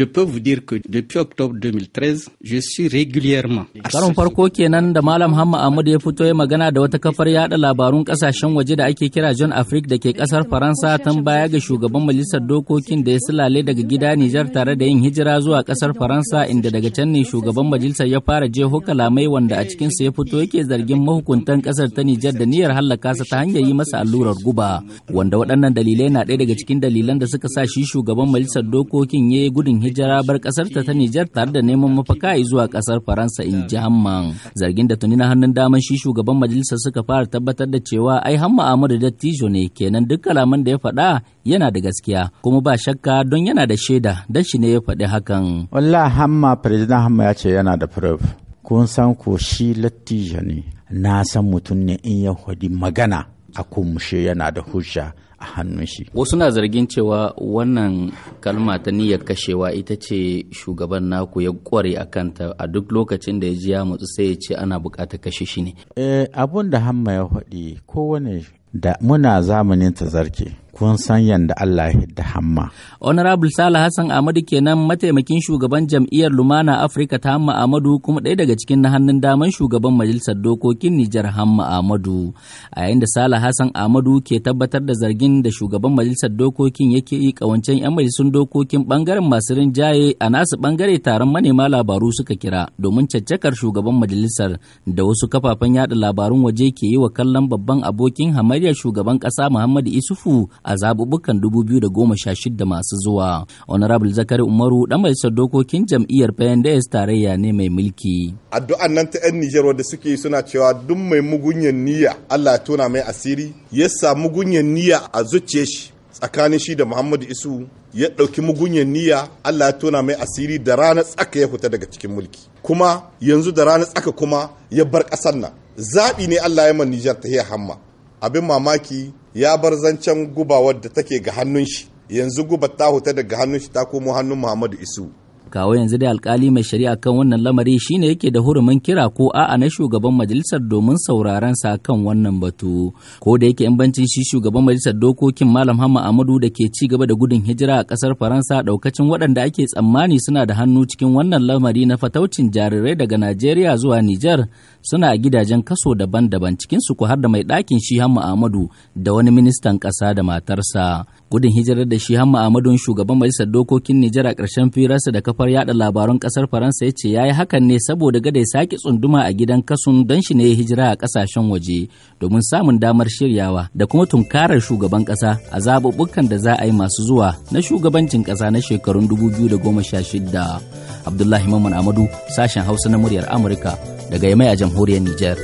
Je peux vous dire que depuis octobre 2013, je suis régulièrement. Karon farko kenan da Malam Hamma Ahmad ya fito ya magana da wata kafar yada labarun kasashen waje da ake kira John africa da ke kasar Faransa tan baya ga shugaban majalisar dokokin da ya silale daga gida Nijar tare da yin hijira zuwa kasar Faransa inda daga can ne shugaban majalisar ya fara jeho kalamai wanda a cikin sa ya fito yake zargin mahukuntan kasar ta Nijar da niyyar hallaka sa ta hanyar yi masa allurar guba wanda waɗannan dalilai na ɗaya daga cikin dalilan da suka sa shi shugaban majalisar dokokin yayi gudun gudun hijira bar kasar ta Nijar tare da neman mafaka zuwa kasar Faransa in ji Hamman. Zargin da tuni na hannun daman shi shugaban majalisar suka fara tabbatar da cewa ai Hamma Ahmadu Dattijo ne kenan duk kalaman da ya faɗa yana da gaskiya kuma ba shakka don yana da shaida dan shi ne ya faɗi hakan. Wallah Hamma President Hamma ya ce yana da proof. Kun san ko shi Lattijo ne. Na san mutum ne in ya magana. a kumshe yana da hujja a hannun shi. Wasu na zargin cewa wannan kalma ta niyyar kashewa ita ce shugaban naku ya kware a kanta a duk lokacin da ya ji ya mutsu sai ya ce ana bukatar kashe shi ne. Eh, abun da hamma ya faɗi kowane da muna zamanin ta zarke. kun san yadda Allah ya hidda hamma. Honorable Sala Hassan Ahmadu kenan mataimakin shugaban jam'iyyar Lumana Afirka ta Hamma Amadu, kuma ɗaya daga cikin na hannun daman shugaban majalisar dokokin Nijar Hamma Ahmadu. A yayin da Sala Hassan Ahmadu ke tabbatar da zargin da shugaban majalisar dokokin yake yi kawancen 'yan majalisun dokokin bangaren masu rinjaye a nasu bangare taron manema labaru suka kira domin caccakar shugaban majalisar da wasu kafafen yada labarun waje ke yi wa kallon babban abokin hamayyar shugaban ƙasa Muhammadu Isufu a zaɓuɓɓukan 2016 masu zuwa. Honorable Zakari Umaru ɗan majalisar dokokin jam'iyyar PNDS tarayya ne mai mulki. Addu'an nan ta 'yan Nijar wadda suke suna cewa duk mai mugunyan niyya Allah ya tona mai asiri ya sa mugunyan niyya a zuciyar shi tsakanin shi da Muhammadu Isu ya ɗauki mugunyan niyya Allah ya tona mai asiri da ranar tsaka ya fita daga cikin mulki kuma yanzu da ranar tsaka kuma ya bar ƙasar nan zaɓi ne Allah ya man Nijar ta hamma abin mamaki ya bar zancen gubawar da take ga hannun shi yanzu guba ta huta daga hannun shi ta komo hannun muhammadu isu kawo yanzu dai alkali mai shari'a kan wannan lamari shine yake da hurumin kira ko a'a na shugaban majalisar domin sauraron sa kan wannan batu ko da yake bancin shi shugaban majalisar dokokin malam hamma amadu da ke ci gaba da gudun hijira a kasar faransa daukacin waɗanda ake tsammani suna da hannu cikin wannan lamari na fataucin jarirai daga najeriya zuwa nijar suna a gidajen kaso daban-daban cikin su ku har da mai ɗakin shi hamma amadu da wani ministan ƙasa da matarsa gudun hijirar da shi hamma amadun shugaban majalisar dokokin nijar a ƙarshen firarsa da kafar yada labarun ƙasar faransa ya ce ya yi hakan ne saboda gada ya sake tsunduma a gidan kasun don shi ne ya hijira a kasashen waje domin samun damar shiryawa da kuma tunkarar shugaban ƙasa a zaɓuɓɓukan da za a yi masu zuwa na shugabancin ƙasa na shekarun 2016 abdullahi mamman amadu sashen hausa na muryar amurka daga yamai a jamhuriyar nijar